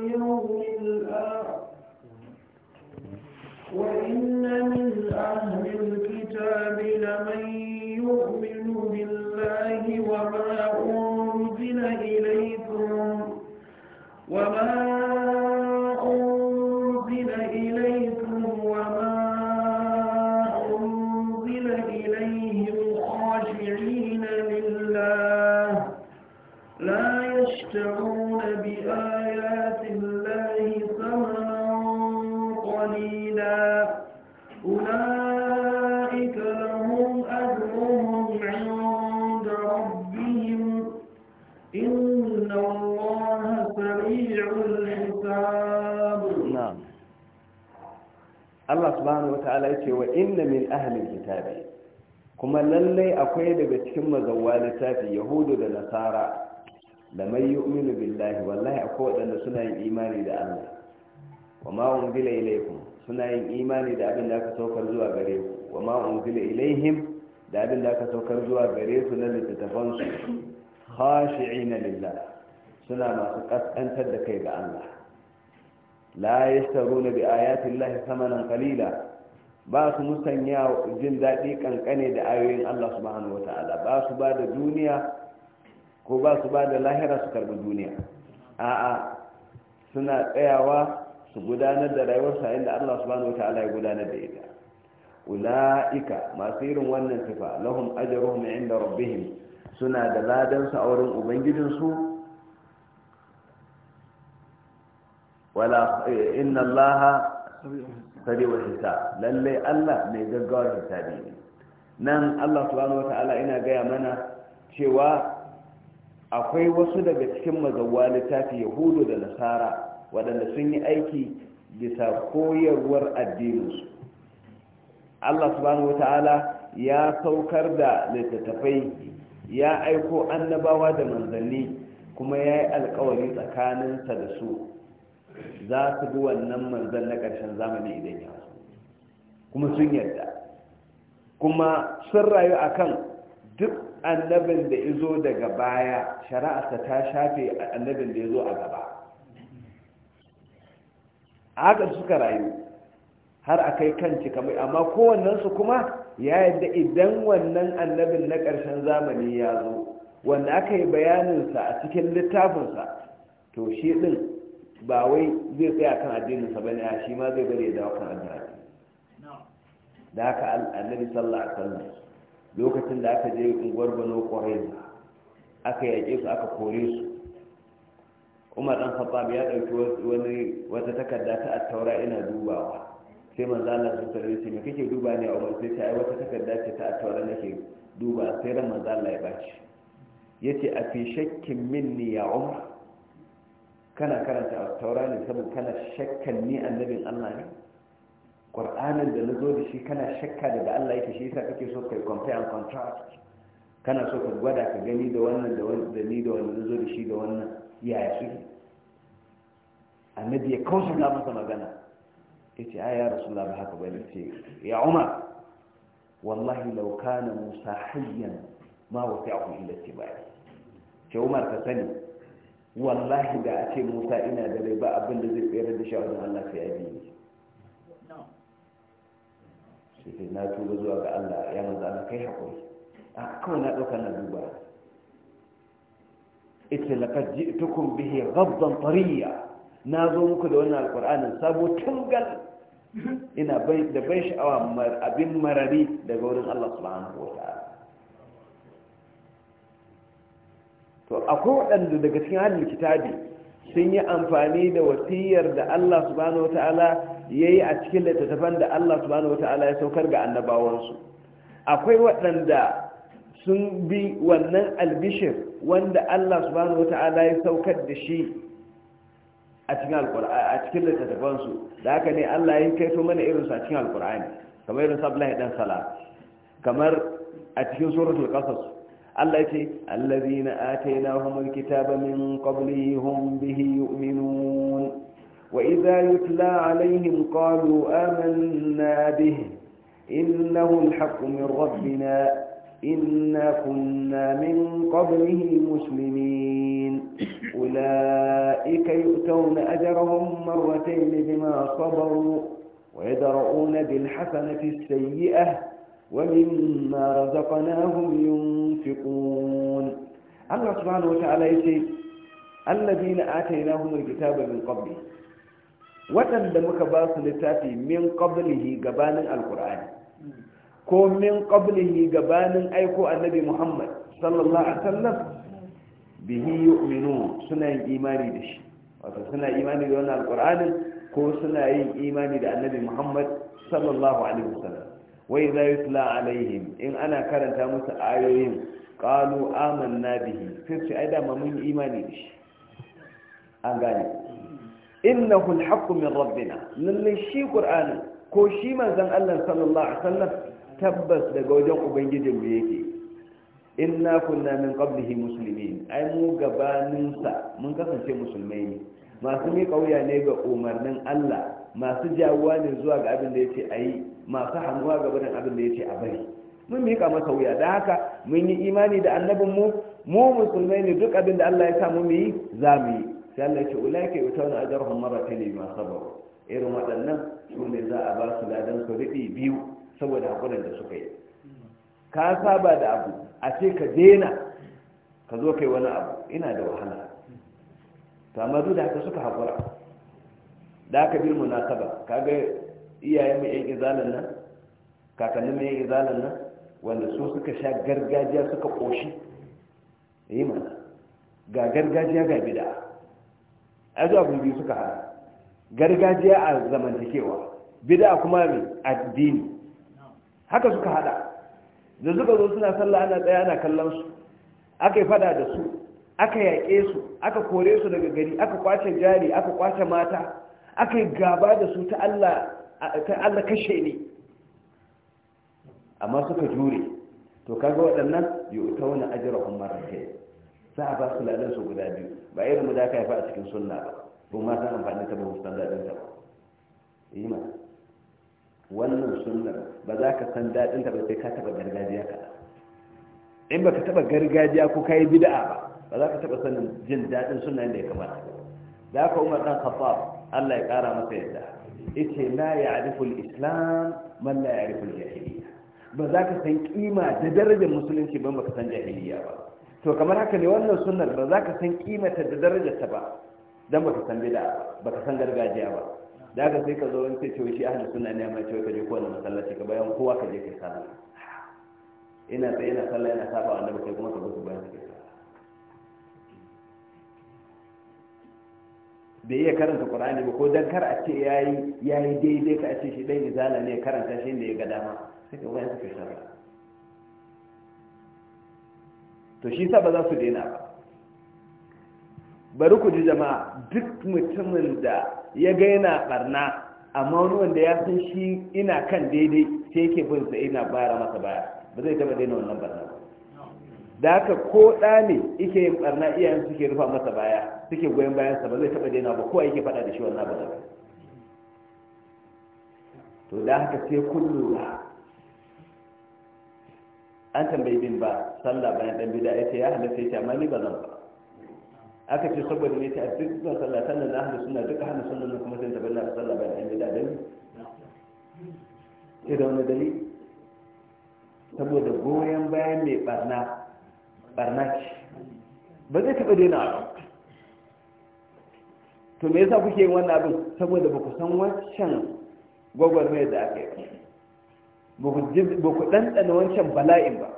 يوم الآخر وإن من أهل الكتاب لمن يؤمن بالله وما أمر ta'ala ya ce wa inna min ahlil kitabi kuma lallai akwai daga cikin mazawwa littafi yahudu da nasara da mai yu'minu billahi wallahi akwai waɗanda suna yin imani da Allah wa ma unzila ilaykum suna yin imani da abin da aka saukar zuwa gare ku wa ma unzila ilaihim da abin da aka saukar zuwa gare su na littattafan su khashi'ina lillah suna masu kaskantar da kai ga Allah la yashtaruna bi ayati llahi thamanan qalila ba su musanya jin daɗi kankane da ayoyin Allah subhanahu wata'ala ba su ba da duniya ko ba su ba da lahira su karbi duniya a'a suna tsayawa su gudanar da rayuwarsa inda Allah subhanahu wata'ala ya gudanar da ita ula'ika masu irin wannan sifa lahum ajruhum inda rabbihim suna da ladan su a wurin su? wala eh, inna allaha sariwa hisab lallai Allah mai gaggawar hisabi ne nan Allah subhanahu wata'ala ina gaya mana cewa akwai wasu daga cikin mazauwa littafi yahudu da nasara waɗanda sun yi aiki bisa koyarwar addininsu Allah subhanahu wata'ala ya saukar da littattafai ya aiko annabawa da manzanni kuma ya yi alkawari tsakaninsa da su za su bi wannan manzan na ƙarshen zamani idan ya so kuma sun yarda kuma sun rayu a kan duk annabin da izo daga baya shari'arsa ta shafe annabin da ya zo a gaba haka suka rayu har a kai cika mai amma kowannensu kuma ya yadda idan wannan annabin na ƙarshen zamani ya zo wanda aka yi bayaninsa a cikin littafinsa to shi ɗin ba wai zai tsaya kan addininsa ba ne shi ma zai bari ya dawo kan addini da haka annabi sallallahu alaihi wasallam lokacin da aka je unguwar bano ƙwaraiza aka yaƙe su aka kore su umar dan khattab ya ɗauki wani wata takarda ta attaura ina dubawa sai manzo Allah sun tarbi sai me kake duba ne a umar sai ta ai wata takarda ce ta attaura nake duba sai ran manzo Allah ya baci yace a fi shakkin minni ya umar kana karanta a taura ne saboda kana shakkan ni annabin allah ne ƙwar'anin da na zo da shi kana shakka daga allah yake shi yasa kake so kai compare and contrast kana so ka gwada ka gani da wannan da ni da wannan na zo da shi da wannan yaya suke annabi ya kausa ga masa magana ya ce ya rasulullah ba haka bane ce ya umar wallahi law kana musa hayyan ma wasi'ahu illa tibai Ke umar ka sani wallahi da a ce musa ina da rai ba abin da zai tsere da shawarar allah sai ya biyu sai na tuba zuwa ga allah ya manzo allah kai haƙuri a ah, kawai na ɗauka na duba ita laqad ji'tukum bihi ghadban tariya na zo muku da wannan alqur'anin sabo tungal ina da ban sha'awa abin marari daga wurin allah subhanahu wa ta'ala to akwai waɗanda daga cikin halin kitabi sun yi amfani da wasiyar da Allah subhanahu wata'ala ya yi a cikin littattafan da Allah subhanahu wata'ala ya saukar ga annabawansu akwai waɗanda sun bi wannan albishir wanda Allah subhanahu wata'ala ya saukar da shi a cikin littattafansu da haka ne Allah ya kai mana irinsu a cikin alkur'ani kamar irin abdullahi dan sala kamar a cikin suratul qasas التي الذين آتيناهم الكتاب من قبله هم به يؤمنون وإذا يتلى عليهم قالوا آمنا به إنه الحق من ربنا إنا كنا من قبله مسلمين أولئك يؤتون أجرهم مرتين بما صبروا ويدرؤون بالحسنة السيئة ومما رزقناهم ينفقون الله سبحانه وتعالى يقول الذين آتيناهم الكتاب من قبله waɗanda muka ba su littafi min qablihi gabanin alkur'ani ko min qablihi gabanin aiko annabi muhammad sallallahu alaihi wasallam bihi yu'minu yin imani da shi wato suna imani da wannan alkur'anin ko suna yin imani da annabi muhammad sallallahu alaihi wai za yi tula alaihim in ana karanta musu ayoyin ƙalu na bihi sai su ai dama mun imani da shi an gane innahu alhaqqu min rabbina lallai shi ƙur'ani, ko shi manzon Allah sallallahu alaihi wasallam tabbas daga wajen ubangijin mu yake inna kunna min qablihi muslimin ai mu gabaninsa, mun kasance musulmai ne masu miƙa wuya ne ga umarnin Allah masu jawuwa ne zuwa ga abin da ya ce a yi masu hannuwa ga barin abin da ya ce a bari mun miƙa masa wuya da haka mun yi imani da annabin mu mu musulmai ne duk abin da Allah ya sa mu mu yi za mu yi sai Allah ya ce ulaika yutawna ajrahum marratayn sabaru irin waɗannan su ne za a ba su ladan su riɗi biyu saboda hakurin da suka yi ka saba da abu a ce ka dena, ka zo kai wani abu ina da wahala to amma duk da haka suka haƙura da aka saba. munasaba kaga iyayen mai yan izalan nan kakannin mai yan izalan nan wanda su suka sha gargajiya suka Ya yi eh mana ga gargajiya ga bida a zuwa biyu suka hada gargajiya a zamantakewa bida kuma mai addini haka suka hada da suka zo suna sallah ana tsaya ana kallon su aka yi fada da su aka yaƙe su aka kore su daga gari aka kwace jari aka kwace mata aka yi gaba da su ta Allah kashe ne amma suka jure to kaga waɗannan yi ta wani ajiyar hukumar rake za a ba su ladan su guda biyu ba irin mu da aka haifa a cikin sunna ba ko ma san amfani ta ba san daɗin ta ba yi ma wannan sunnar ba za ka san daɗin ta ba sai ka taɓa gargajiya ka in ba ka taɓa gargajiya ko ka yi bida'a ba ba za ka taɓa sanin jin daɗin sunan da ya kamata da aka umar ɗan khattab Allah ya ƙara masa yadda ita la ya'rifu al-islam man la ya'rifu al-jahiliya ba za ka san kima da darajar musulunci ba ka san jahiliya ba to kamar haka ne wannan sunnar ba za ka san kima ta da darajar ta ba dan baka san bid'a baka san gargajiya ba da ka sai ka zo wani sai ce shi ahlus sunna ne amma ce ka je kowane masallaci ka bayan kowa ka je kai sallah ina sai ina sallah ina saba annabi kai kuma ka bai iya karanta qur'ani ba ko dan kar a ce yayi yayi daidai ka a ce shi dan izala ne karanta shi da ya ga dama sai ka wani suke shara to shi sa ba za su daina ba bari ku ji jama'a duk mutumin da ya ga yana barna amma wani wanda ya san shi ina kan daidai sai yake bin sa ina bara masa baya ba zai taba daina wannan barna da haka ko ɗa ne yake yin barna iyayen suke rufa masa baya suke goyon bayansa ba zai taɓa daina ba kowa yake faɗa da shi wannan ba to da haka sai kun lura an tambayi bin ba sallah bayan dan bida ya ce ya halatta ya ce amma ni ba zan ba aka ce saboda ne ta a duk zuwa sallah sannan na hannu suna duka hannu suna nan kuma sai ta balla da sallah bayan dan bida dan sai da wani dalili saboda goyon bayan mai barna Barnaki ba zai taɓa daina ba to me yasa kuke yin wannan abin saboda ba ku san wancan gwagwarmayar da aka yi ba ku ɗanɗana wancan bala'in ba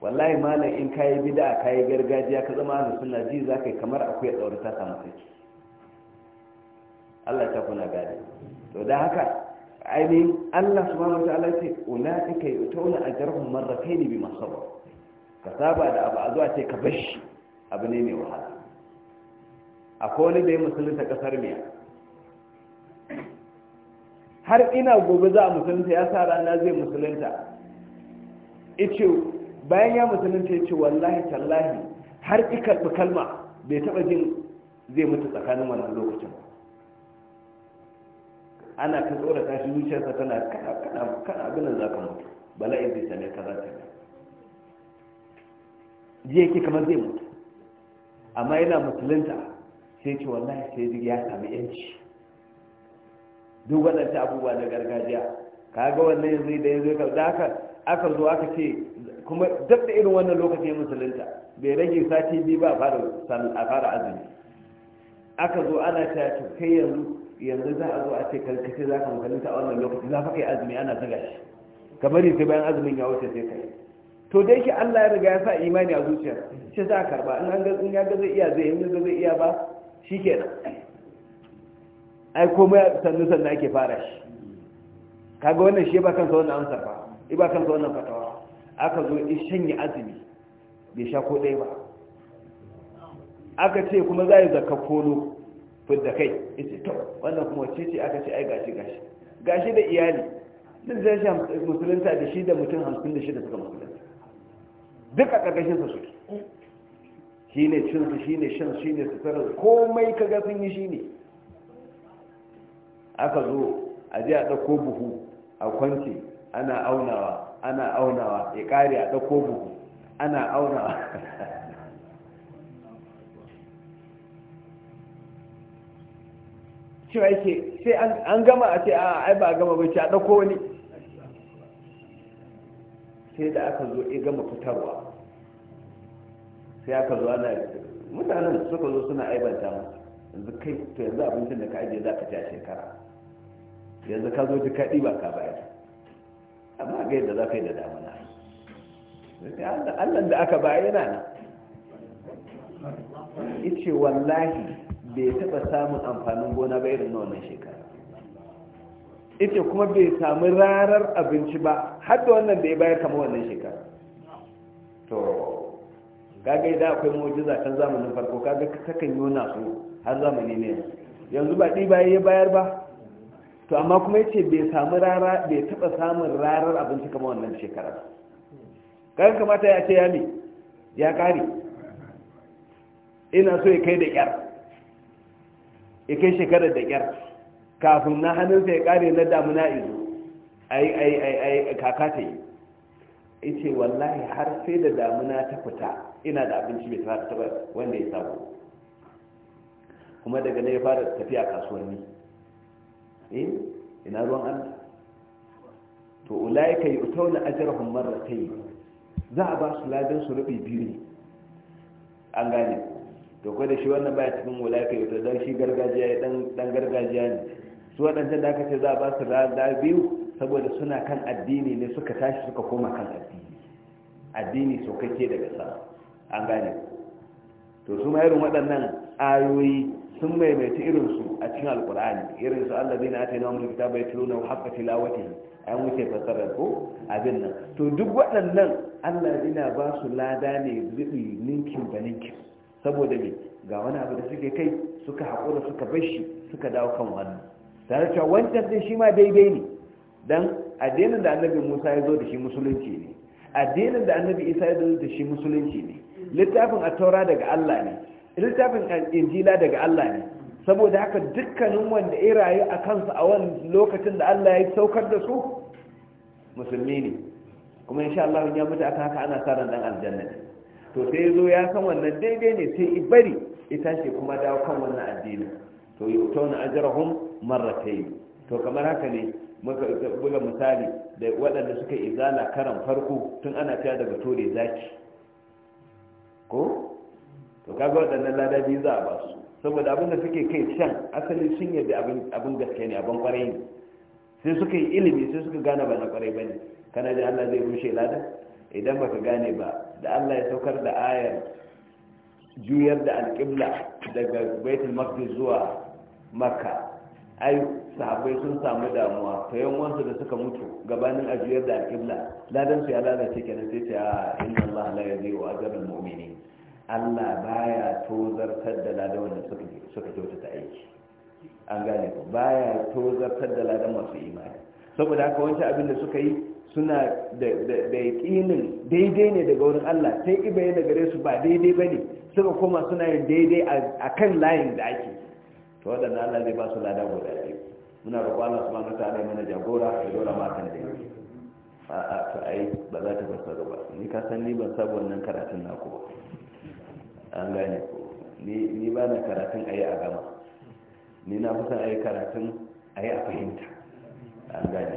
wallahi malam in kayi bida kayi gargajiya ka zama da suna ji za ka yi kamar akwai tsauri ta samu sai Allah ta kuna gadi to da haka ainihin Allah subhanahu wa ta'ala ce ulaika yu'tuna ajrahum marratayn bima sabaru ka saba da abu a zuwa ce ka bashi abu ne mai wahala akwai wani da ya musulunta kasar miya har ina gobe za a musulunta ya sa rana zai musulunta ice bayan ya musulunta ya ce wallahi tallahi har ikarɓi kalma bai taɓa jin zai mutu tsakanin wannan lokacin ana ta tsorata shi zuciyarsa tana kana abin da za ka mutu bala'in zai same ka za ta Jiya ke kamar zai mutu amma yana musulunta sai ce wallahi sai ya sami yanci duk waɗanda abubuwa na gargajiya ka ga wannan yanzu da yanzu ka da haka aka zo aka ce kuma duk da irin wannan lokacin musulunta bai rage sati biyu ba a fara azumi aka zo ana ta ce kai yanzu yanzu za a zo a ce karkace za ka musulunta a wannan lokaci za ka kai azumi ana zuga shi kamar sai bayan azumin ya wuce sai kai to da yake Allah ya riga ya sa imani a zuciya shi za a karba in an ga in ya ga zai iya zai in ga zai iya ba shi nan ai komai sannu sannu ake fara shi kaga wannan shi ba kansa wannan amsar ba i ba kansa wannan fatawa aka zo in shanye azumi bai sha ko ɗaya ba aka ce kuma za a yi zakka kolo fidda kai ita to wannan kuma wacce ce aka ce ai gashi gashi gashi da iyali duk zai shi musulunta da shi da mutum hamsin da shida suka musulunta Duka a ƙarƙashin su suke shi ne cinsu shi ne shan shi ne suturar komai ka sun yi shi ne aka zo a ji a ɗauko buhu a kwance ana aunawa ana aunawa ya ƙari a ɗauko buhu ana aunawa cewa yake sai an gama a ce a ai ba a gama bai ce a ɗauko wani sai da aka zo ya gama fitarwa sai aka zo ana mutanen suka zo suna aibanta yanzu kai to yanzu abincin da ka ajiye za ka ci a shekara yanzu ka zo ji kaɗi ba ka bayar amma ga yadda za ka yi da damuna allah da aka bayar yana nan ice wallahi bai taɓa samun amfanin gona ba irin na wannan shekara ita kuma bai sami rarar abinci ba har wannan da ya bayar kama wannan shekara to kaga da akwai mu'jiza can zamanin farko kaga kakan yona su har zamani ne yanzu ba ɗi baya ya bayar ba to amma kuma ya ce bai samu rara bai taɓa samun rarar abinci kama wannan shekara kaga kamata ya ce ya ne ya ƙare ina so ya kai da ƙyar ya kai shekarar da ƙyar kafin na hannunsa ya ƙare na damuna izu ai ai ai ai kaka ta yi in ce wallahi har sai da damuna ta fita ina da abinci mai fara taba wanda ya samu kuma daga na ya fara tafiya kasuwanni eh ina ruwan allah to ulaika yu'tawna ajrahum marratayn za a ba su ladan su rubi biyu ne an gane to ko da shi wannan baya cikin yi, yu'tawna dan shi gargajiya dan dan gargajiya ne su wadannan da aka ce za a ba su ladan biyu saboda suna kan addini ne suka tashi suka koma kan addini addini kake daga sama an gane to su mai irin waɗannan ayoyi sun maimaita irinsu a cikin alkur'ani irin su Allah allazi na ta nawa kita bai na haka tilawati an wuce fasarar ko abin nan to duk waɗannan allah ina ba su lada ne zubi ninkin ba ninkin saboda me ga wani abu da suke kai suka haƙura suka bashi, suka dawo kan wannan tare cewa wancan din shi ma daidai ne dan addinin da annabi musa ya zo da shi musulunci ne addinin da annabi isa ya zo da shi musulunci ne littafin attaura daga allah ne littafin injila daga allah ne saboda haka dukkanin wanda ya rayu a kansa a wani lokacin da allah ya saukar da su musulmi ne kuma insha allah ya mutu aka haka ana sa ran dan aljanna ne to sai zo ya san wannan daidai ne sai i bari itace kuma dawo kan wannan addini to yi ajrahum marratayn to kamar haka ne muka buga misali da waɗanda suka izala karan farko tun ana cewa daga tore zaki ko to kaga waɗannan lada biyu za a ba saboda abin da suke kai can asali sun yadda abin gaske ne abin kwarai ne sai suka yi ilimi sai suka gane ba na kwarai ba ne kana da allah zai rushe lada idan baka gane ba da allah ya saukar da ayar juyar da alƙibla daga baitul maqdis zuwa makka ai sahabbai sun samu damuwa ta yawansu da suka mutu gabanin ajiyar da alƙibla ladan su ya lalace kenan sai ta ah, inna Allah la yadi wa ajrul mu'minin Allah baya tozartar da ladan wanda suka suka ta aiki an gane baya tozartar da ladan masu imani saboda haka wancan abin da suka yi suna da yaƙinin daidai ne daga wurin Allah sai ibayen da gare su ba daidai bane ne suka koma suna yin daidai a kan layin da ake to waɗanda Allah zai ba su lada guda biyu muna roƙon Allah subhanahu wataala ne mana jagora a dora matan da yake a a to ai ba za ta fasa ba ni ka san ni ban sabon wannan karatun naku ba an gane ko ni ni ba na karatun ayi a gama ni na fi san ayi karatun ayi a fahimta an gane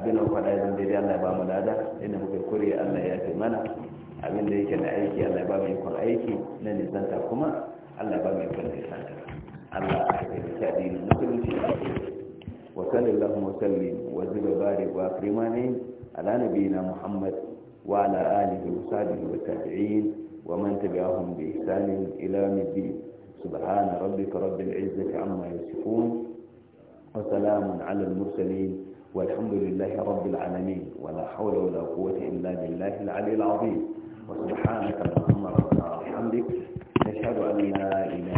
abin da faɗa yanzu daidai Allah ya ba mu lada inda muka kure Allah ya fi mana abin da yake na aiki Allah ya ba mu ikon aiki na nisanta kuma Allah ya ba mu ikon nisanta على التعديل مثل الشيخ وسل اللهم وسلم وزل بارك وأكرماني على نبينا محمد وعلى آله وصحبه والتابعين ومن تبعهم بإحسان إلى مدين سبحان ربك رب العزة عما يصفون وسلام على المرسلين والحمد لله رب العالمين ولا حول ولا قوة إلا بالله العلي العظيم وسبحانك اللهم ربنا وبحمدك نشهد أن لا إله الا